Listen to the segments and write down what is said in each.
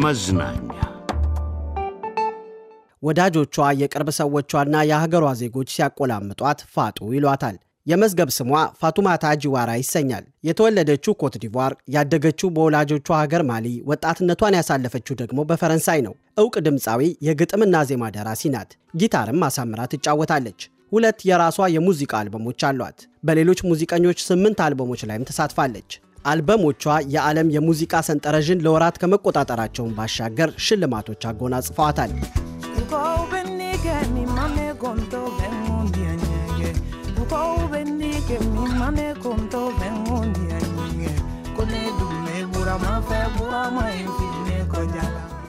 መዝናኛ ወዳጆቿ የቅርብ ሰዎቿና የሀገሯ ዜጎች ሲያቆላምጧት ፋጡ ይሏታል። የመዝገብ ስሟ ፋቱማታ ጂዋራ ይሰኛል። የተወለደችው ኮትዲቯር፣ ያደገችው በወላጆቿ ሀገር ማሊ፣ ወጣትነቷን ያሳለፈችው ደግሞ በፈረንሳይ ነው። እውቅ ድምፃዊ፣ የግጥምና ዜማ ደራሲ ናት። ጊታርም አሳምራ ትጫወታለች። ሁለት የራሷ የሙዚቃ አልበሞች አሏት። በሌሎች ሙዚቀኞች ስምንት አልበሞች ላይም ተሳትፋለች። አልበሞቿ የዓለም የሙዚቃ ሰንጠረዥን ለወራት ከመቆጣጠራቸውን ባሻገር ሽልማቶች አጎናጽፈዋታል። Mama,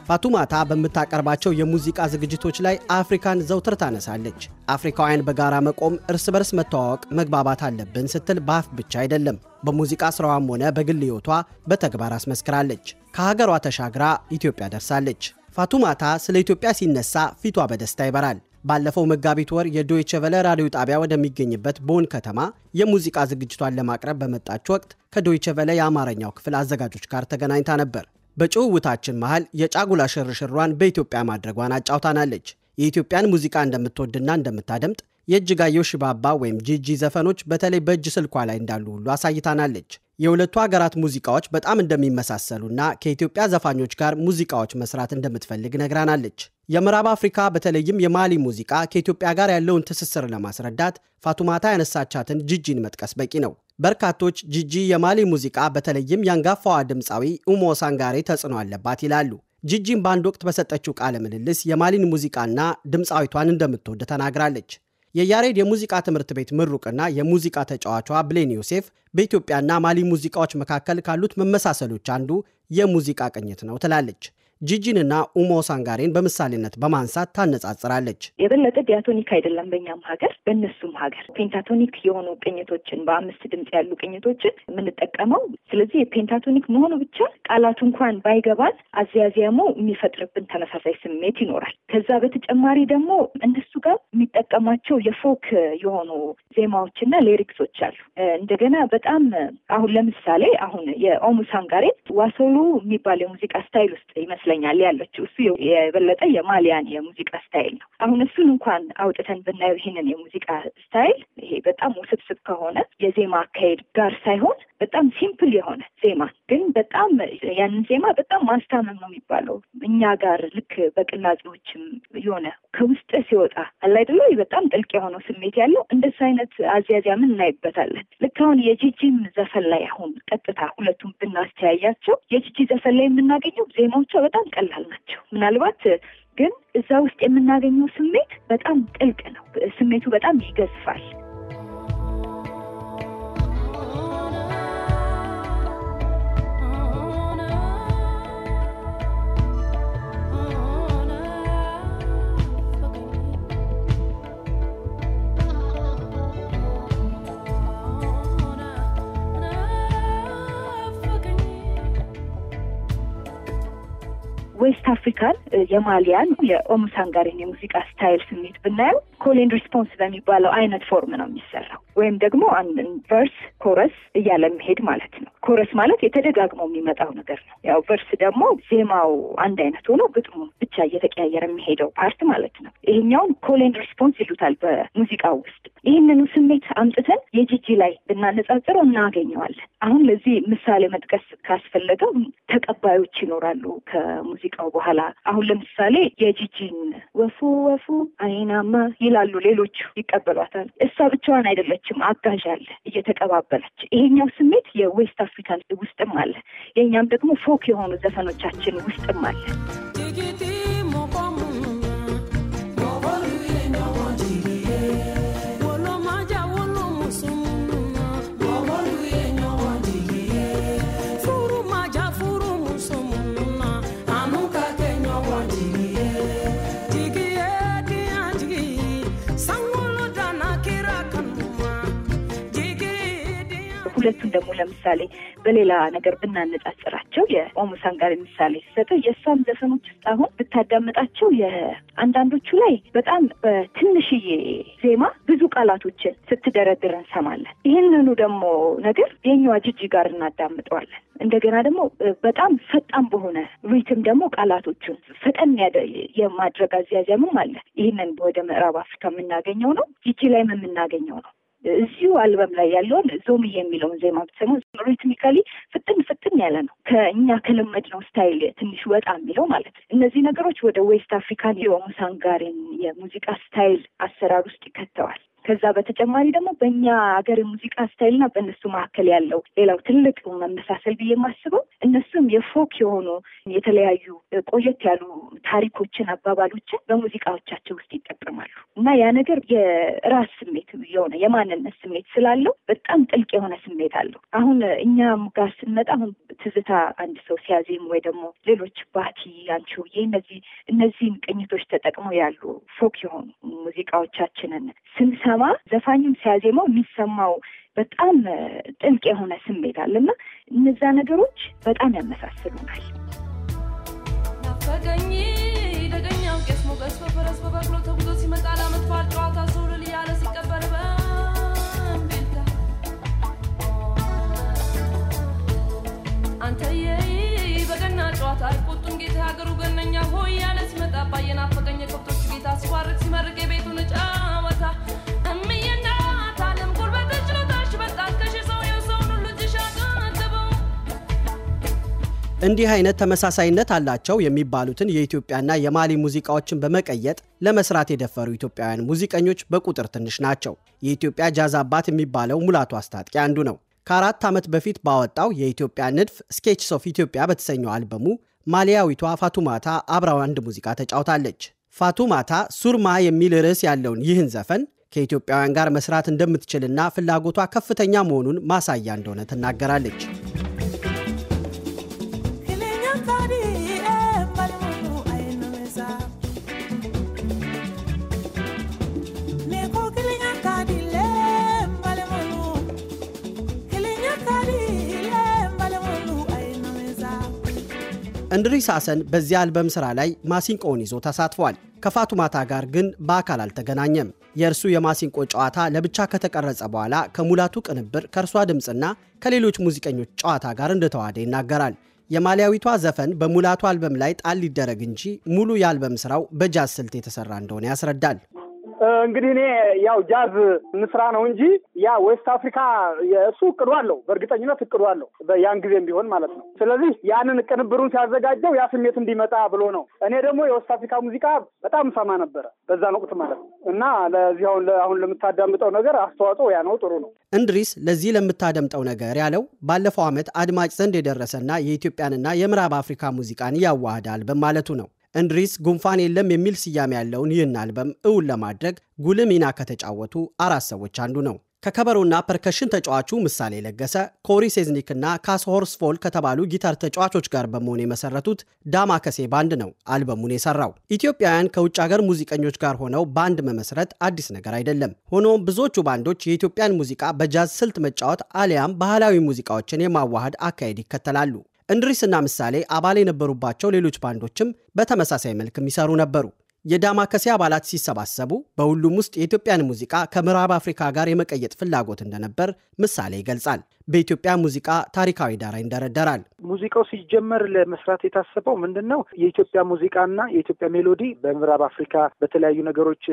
ፋቱማታ በምታቀርባቸው የሙዚቃ ዝግጅቶች ላይ አፍሪካን ዘውትር ታነሳለች። አፍሪካውያን በጋራ መቆም፣ እርስ በርስ መተዋወቅ፣ መግባባት አለብን ስትል በአፍ ብቻ አይደለም፣ በሙዚቃ ስራዋም ሆነ በግል ሕይወቷ በተግባር አስመስክራለች። ከሀገሯ ተሻግራ ኢትዮጵያ ደርሳለች። ፋቱማታ ስለ ኢትዮጵያ ሲነሳ ፊቷ በደስታ ይበራል። ባለፈው መጋቢት ወር የዶይቸ ቨለ ራዲዮ ጣቢያ ወደሚገኝበት ቦን ከተማ የሙዚቃ ዝግጅቷን ለማቅረብ በመጣች ወቅት ከዶይቸ ቨለ የአማርኛው ክፍል አዘጋጆች ጋር ተገናኝታ ነበር። በጭውውታችን መሃል የጫጉላ ሽርሽሯን በኢትዮጵያ ማድረጓን አጫውታናለች። የኢትዮጵያን ሙዚቃ እንደምትወድና እንደምታደምጥ የእጅጋየሁ ሽባባ ወይም ጂጂ ዘፈኖች በተለይ በእጅ ስልኳ ላይ እንዳሉ ሁሉ አሳይታናለች። የሁለቱ ሀገራት ሙዚቃዎች በጣም እንደሚመሳሰሉና ከኢትዮጵያ ዘፋኞች ጋር ሙዚቃዎች መስራት እንደምትፈልግ ነግራናለች። የምዕራብ አፍሪካ በተለይም የማሊ ሙዚቃ ከኢትዮጵያ ጋር ያለውን ትስስር ለማስረዳት ፋቱማታ ያነሳቻትን ጂጂን መጥቀስ በቂ ነው። በርካቶች ጂጂ የማሊ ሙዚቃ በተለይም የአንጋፋዋ ድምፃዊ ኡሞ ሳንጋሬ ተጽዕኖ አለባት ይላሉ። ጂጂም በአንድ ወቅት በሰጠችው ቃለ ምልልስ የማሊን ሙዚቃና ድምፃዊቷን እንደምትወድ ተናግራለች። የያሬድ የሙዚቃ ትምህርት ቤት ምሩቅና የሙዚቃ ተጫዋቿ ብሌን ዮሴፍ በኢትዮጵያና ማሊ ሙዚቃዎች መካከል ካሉት መመሳሰሎች አንዱ የሙዚቃ ቅኝት ነው ትላለች። ጂጂንና ኡሞ ሳንጋሬን በምሳሌነት በማንሳት ታነጻጽራለች። የበለጠ ዲያቶኒክ አይደለም በእኛም ሀገር በእነሱም ሀገር ፔንታቶኒክ የሆኑ ቅኝቶችን በአምስት ድምፅ ያሉ ቅኝቶችን የምንጠቀመው። ስለዚህ የፔንታቶኒክ መሆኑ ብቻ ቃላቱ እንኳን ባይገባን አዘያዝያሙ የሚፈጥርብን ተመሳሳይ ስሜት ይኖራል። ከዛ በተጨማሪ ደግሞ እነሱ ጋር የሚጠቀማቸው የፎክ የሆኑ ዜማዎችና ሌሪክሶች አሉ። እንደገና በጣም አሁን ለምሳሌ አሁን የኦሙ ሳንጋሬን ዋሶሉ የሚባል የሙዚቃ ስታይል ውስጥ ይመስላል ይመስለኛል ያለችው። እሱ የበለጠ የማሊያን የሙዚቃ ስታይል ነው። አሁን እሱን እንኳን አውጥተን ብናየው ይህንን የሙዚቃ ስታይል ይሄ በጣም ውስብስብ ከሆነ የዜማ አካሄድ ጋር ሳይሆን በጣም ሲምፕል የሆነ ዜማ ግን በጣም ያንን ዜማ በጣም ማስታመም ነው የሚባለው እኛ ጋር ልክ በቅላጼዎችም የሆነ ከውስጥ ሲወጣ አላይደለ በጣም ጥልቅ የሆነው ስሜት ያለው እንደሱ አይነት አዝያዝያምን እናይበታለን። ልክ አሁን የጂጂም ዘፈን ላይ አሁን ቀጥታ ሁለቱም ብናስተያያቸው የጂጂ ዘፈን ላይ የምናገኘው ዜማዎቿ በጣም ቀላል ናቸው። ምናልባት ግን እዛ ውስጥ የምናገኘው ስሜት በጣም ጥልቅ ነው። ስሜቱ በጣም ይገዝፋል። የዌስት አፍሪካን የማሊያን የኦሙሳንጋሪን የሙዚቃ ስታይል ስሜት ብናየው ኮሌን ሪስፖንስ በሚባለው አይነት ፎርም ነው የሚሰራው። ወይም ደግሞ አንድን ቨርስ ኮረስ እያለ መሄድ ማለት ነው። ኮረስ ማለት የተደጋግሞ የሚመጣው ነገር ነው። ያው ቨርስ ደግሞ ዜማው አንድ አይነት ሆኖ ግጥሙ ብቻ እየተቀያየረ የሚሄደው ፓርት ማለት ነው። ይሄኛውን ኮሊን ሪስፖንስ ይሉታል በሙዚቃ ውስጥ። ይህንኑ ስሜት አምጥተን የጂጂ ላይ ብናነጻጽረው እናገኘዋለን። አሁን ለዚህ ምሳሌ መጥቀስ ካስፈለገው ተቀባዮች ይኖራሉ ከሙዚቃው በኋላ። አሁን ለምሳሌ የጂጂን ወፉ ወፉ አይናማ ይላሉ ሌሎች፣ ይቀበሏታል። እሷ ብቻዋን አይደለችም፣ አጋዥ አለ እየተቀባበለች። ይሄኛው ስሜት የዌስት አፍሪካን ውስጥም አለ፣ የእኛም ደግሞ ፎክ የሆኑ ዘፈኖቻችን ውስጥም አለ። ሁለቱን ደግሞ ለምሳሌ በሌላ ነገር ብናነጻጽራቸው የኦሙሳን ጋር ምሳሌ ሲሰጠው የእሷም ዘፈኖች ውስጥ አሁን ብታዳምጣቸው የአንዳንዶቹ ላይ በጣም በትንሽዬ ዜማ ብዙ ቃላቶችን ስትደረድር እንሰማለን። ይህንኑ ደግሞ ነገር የኛዋ ጅጅ ጋር እናዳምጠዋለን። እንደገና ደግሞ በጣም ፈጣን በሆነ ሪትም ደግሞ ቃላቶቹን ፈጠን የማድረግ አዝያዚያምም አለ። ይህንን ወደ ምዕራብ አፍሪካ የምናገኘው ነው። ጂጂ ላይም የምናገኘው ነው። እዚሁ አልበም ላይ ያለውን ዞም የሚለውን ዜማ ብትሰሙ ሪትሚካሊ ፍጥን ፍጥን ያለ ነው። ከእኛ ከለመድነው ስታይል ትንሽ ወጣ የሚለው ማለት ነው። እነዚህ ነገሮች ወደ ዌስት አፍሪካን የሙሳንጋሬን የሙዚቃ ስታይል አሰራር ውስጥ ይከተዋል። ከዛ በተጨማሪ ደግሞ በእኛ ሀገር የሙዚቃ ስታይልና በእነሱ መካከል ያለው ሌላው ትልቅ መመሳሰል ብዬ የማስበው እነሱም የፎክ የሆኑ የተለያዩ ቆየት ያሉ ታሪኮችን፣ አባባሎችን በሙዚቃዎቻቸው ውስጥ ይጠቀማሉ እና ያ ነገር የራስ ስሜት የሆነ የማንነት ስሜት ስላለው በጣም ጥልቅ የሆነ ስሜት አለው። አሁን እኛም ጋር ስንመጣ አሁን ትዝታ አንድ ሰው ሲያዜም ወይ ደግሞ ሌሎች ባቲ፣ አንቺሆዬ እነዚህ እነዚህን ቅኝቶች ተጠቅመው ያሉ ፎክ የሆኑ ሙዚቃዎቻችንን ስንሰማ ዘፋኙም ሲያዜመው የሚሰማው በጣም ጥልቅ የሆነ ስሜት አለና እነዛ ነገሮች በጣም ያመሳስሉናል። እንዲህ አይነት ተመሳሳይነት አላቸው የሚባሉትን የኢትዮጵያና የማሊ ሙዚቃዎችን በመቀየጥ ለመስራት የደፈሩ ኢትዮጵያውያን ሙዚቀኞች በቁጥር ትንሽ ናቸው። የኢትዮጵያ ጃዝ አባት የሚባለው ሙላቱ አስታጥቂ አንዱ ነው። ከአራት ዓመት በፊት ባወጣው የኢትዮጵያ ንድፍ ስኬችስ ኦፍ ኢትዮጵያ በተሰኘው አልበሙ ማሊያዊቷ ፋቱማታ አብራው አንድ ሙዚቃ ተጫውታለች። ፋቱማታ ሱርማ የሚል ርዕስ ያለውን ይህን ዘፈን ከኢትዮጵያውያን ጋር መስራት እንደምትችልና ፍላጎቷ ከፍተኛ መሆኑን ማሳያ እንደሆነ ትናገራለች። እንድሪስ ሐሰን በዚያ አልበም ሥራ ላይ ማሲንቆውን ይዞ ተሳትፏል። ከፋቱማታ ጋር ግን በአካል አልተገናኘም። የእርሱ የማሲንቆ ጨዋታ ለብቻ ከተቀረጸ በኋላ ከሙላቱ ቅንብር፣ ከእርሷ ድምፅና ከሌሎች ሙዚቀኞች ጨዋታ ጋር እንደተዋደ ይናገራል። የማሊያዊቷ ዘፈን በሙላቱ አልበም ላይ ጣል ሊደረግ እንጂ ሙሉ የአልበም ሥራው በጃዝ ስልት የተሰራ እንደሆነ ያስረዳል። እንግዲህ እኔ ያው ጃዝ ንስራ ነው እንጂ ያ ዌስት አፍሪካ እሱ እቅዱ አለው፣ በእርግጠኝነት እቅዱ አለው ያን ጊዜም ቢሆን ማለት ነው። ስለዚህ ያንን ቅንብሩን ሲያዘጋጀው ያ ስሜት እንዲመጣ ብሎ ነው። እኔ ደግሞ የዌስት አፍሪካ ሙዚቃ በጣም ሰማ ነበረ በዛን ወቅት ማለት ነው። እና ለዚህ አሁን ለምታዳምጠው ነገር አስተዋጽኦ ያ ነው። ጥሩ ነው። እንድሪስ ለዚህ ለምታደምጠው ነገር ያለው ባለፈው ዓመት አድማጭ ዘንድ የደረሰና የኢትዮጵያንና የምዕራብ አፍሪካ ሙዚቃን ያዋህዳል በማለቱ ነው። እንድሪስ ጉንፋን የለም የሚል ስያሜ ያለውን ይህን አልበም እውን ለማድረግ ጉል ሚና ከተጫወቱ አራት ሰዎች አንዱ ነው። ከከበሮና ፐርከሽን ተጫዋቹ ምሳሌ ለገሰ፣ ኮሪ ሴዝኒክና ካስ ሆርስፎል ከተባሉ ጊታር ተጫዋቾች ጋር በመሆን የመሰረቱት ዳማከሴ ባንድ ነው አልበሙን የሰራው። ኢትዮጵያውያን ከውጭ ሀገር ሙዚቀኞች ጋር ሆነው ባንድ መመስረት አዲስ ነገር አይደለም። ሆኖም ብዙዎቹ ባንዶች የኢትዮጵያን ሙዚቃ በጃዝ ስልት መጫወት አሊያም ባህላዊ ሙዚቃዎችን የማዋሃድ አካሄድ ይከተላሉ። እንድሪስና ምሳሌ አባል የነበሩባቸው ሌሎች ባንዶችም በተመሳሳይ መልክ የሚሰሩ ነበሩ። የዳማከሴ አባላት ሲሰባሰቡ በሁሉም ውስጥ የኢትዮጵያን ሙዚቃ ከምዕራብ አፍሪካ ጋር የመቀየጥ ፍላጎት እንደነበር ምሳሌ ይገልጻል። በኢትዮጵያ ሙዚቃ ታሪካዊ ዳራ ይንደረደራል። ሙዚቃው ሲጀመር ለመስራት የታሰበው ምንድን ነው? የኢትዮጵያ ሙዚቃና የኢትዮጵያ ሜሎዲ በምዕራብ አፍሪካ በተለያዩ ነገሮች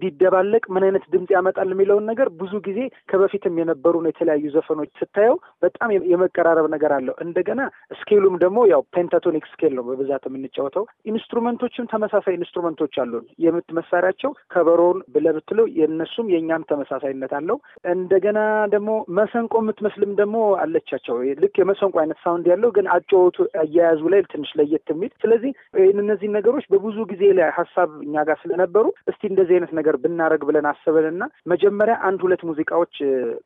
ቢደባለቅ ምን አይነት ድምፅ ያመጣል የሚለውን ነገር ብዙ ጊዜ ከበፊትም የነበሩን የተለያዩ ዘፈኖች ስታየው በጣም የመቀራረብ ነገር አለው። እንደገና ስኬሉም ደግሞ ያው ፔንታቶኒክ ስኬል ነው በብዛት የምንጫወተው። ኢንስትሩመንቶችም ተመሳሳይ ኢንስትሩመንቶች አሉን። የምት መሳሪያቸው ከበሮን ብለህ ብትለው የእነሱም የእኛም ተመሳሳይነት አለው። እንደገና ደግሞ መሰንቆ የምትመስል ባህልም ደግሞ አለቻቸው። ልክ የመሰንቆ አይነት ሳውንድ ያለው ግን አጫወቱ አያያዙ ላይ ትንሽ ለየት የሚል ስለዚህ እነዚህ ነገሮች በብዙ ጊዜ ላይ ሀሳብ እኛ ጋር ስለነበሩ እስቲ እንደዚህ አይነት ነገር ብናደረግ ብለን አስበንና መጀመሪያ አንድ ሁለት ሙዚቃዎች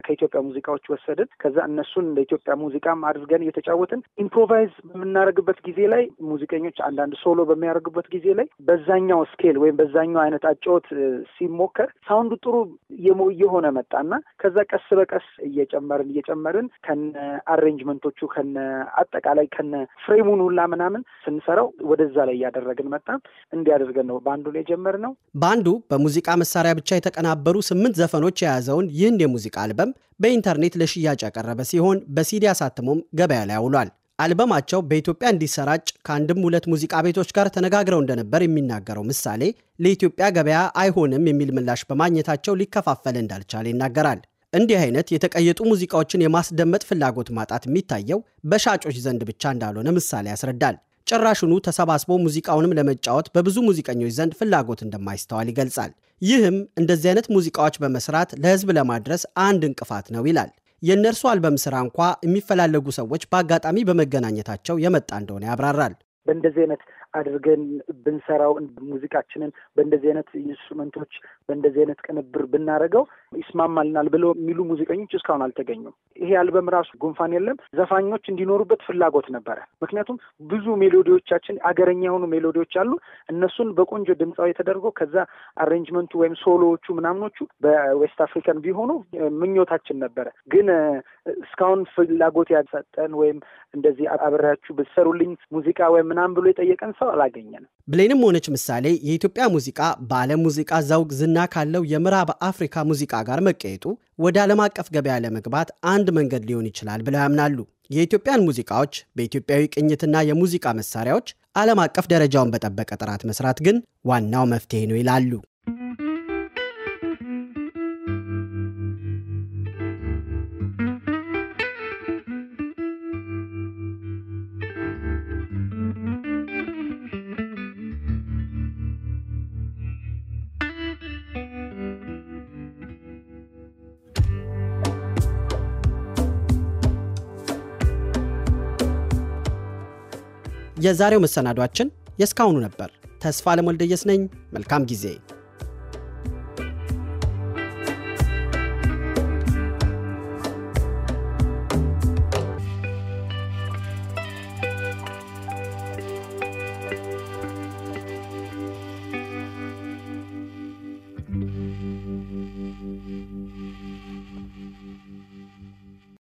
ከኢትዮጵያ ሙዚቃዎች ወሰድን። ከዛ እነሱን እንደ ኢትዮጵያ ሙዚቃም አድርገን እየተጫወትን ኢምፕሮቫይዝ በምናደረግበት ጊዜ ላይ ሙዚቀኞች አንዳንድ ሶሎ በሚያደርጉበት ጊዜ ላይ በዛኛው ስኬል ወይም በዛኛው አይነት አጫወት ሲሞከር ሳውንዱ ጥሩ እየሆነ መጣና ከዛ ቀስ በቀስ እየጨመርን እየጨመር ጀመርን ከነ አሬንጅመንቶቹ ከነ አጠቃላይ ከነ ፍሬሙን ሁላ ምናምን ስንሰራው ወደዛ ላይ እያደረግን መጣ። እንዲያደርገን ነው በአንዱ ላይ የጀመርነው። በአንዱ በሙዚቃ መሳሪያ ብቻ የተቀናበሩ ስምንት ዘፈኖች የያዘውን ይህን የሙዚቃ አልበም በኢንተርኔት ለሽያጭ ያቀረበ ሲሆን በሲዲ አሳትሞም ገበያ ላይ አውሏል። አልበማቸው በኢትዮጵያ እንዲሰራጭ ከአንድም ሁለት ሙዚቃ ቤቶች ጋር ተነጋግረው እንደነበር የሚናገረው ምሳሌ ለኢትዮጵያ ገበያ አይሆንም የሚል ምላሽ በማግኘታቸው ሊከፋፈል እንዳልቻለ ይናገራል። እንዲህ አይነት የተቀየጡ ሙዚቃዎችን የማስደመጥ ፍላጎት ማጣት የሚታየው በሻጮች ዘንድ ብቻ እንዳልሆነ ምሳሌ ያስረዳል። ጭራሹኑ ተሰባስቦ ሙዚቃውንም ለመጫወት በብዙ ሙዚቀኞች ዘንድ ፍላጎት እንደማይስተዋል ይገልጻል። ይህም እንደዚህ አይነት ሙዚቃዎች በመስራት ለህዝብ ለማድረስ አንድ እንቅፋት ነው ይላል። የእነርሱ አልበም ስራ እንኳ የሚፈላለጉ ሰዎች በአጋጣሚ በመገናኘታቸው የመጣ እንደሆነ ያብራራል። በእንደዚህ አይነት አድርገን ብንሰራው ሙዚቃችንን በእንደዚህ አይነት ኢንስትሩመንቶች በእንደዚህ አይነት ቅንብር ብናደርገው ይስማማልናል ብለው የሚሉ ሙዚቀኞች እስካሁን አልተገኙም። ይሄ አልበም ራሱ ጉንፋን የለም ዘፋኞች እንዲኖሩበት ፍላጎት ነበረ። ምክንያቱም ብዙ ሜሎዲዎቻችን አገረኛ የሆኑ ሜሎዲዎች አሉ። እነሱን በቆንጆ ድምፃዊ ተደርጎ ከዛ አሬንጅመንቱ ወይም ሶሎዎቹ ምናምኖቹ በዌስት አፍሪካን ቢሆኑ ምኞታችን ነበረ ግን እስካሁን ፍላጎት ያልሰጠን ወይም እንደዚህ አብሬያችሁ ብትሰሩልኝ ሙዚቃ ወይም ምናምን ብሎ የጠየቀን ሰው አላገኘንም። ብሌንም ሆነች ምሳሌ የኢትዮጵያ ሙዚቃ በዓለም ሙዚቃ ዘውግ ዝና ካለው የምዕራብ አፍሪካ ሙዚቃ ጋር መቀየጡ ወደ ዓለም አቀፍ ገበያ ለመግባት አንድ መንገድ ሊሆን ይችላል ብለው ያምናሉ። የኢትዮጵያን ሙዚቃዎች በኢትዮጵያዊ ቅኝትና የሙዚቃ መሳሪያዎች ዓለም አቀፍ ደረጃውን በጠበቀ ጥራት መስራት ግን ዋናው መፍትሄ ነው ይላሉ። የዛሬው መሰናዷችን የስካሁኑ ነበር። ተስፋ ለሞልደየስ ነኝ። መልካም ጊዜ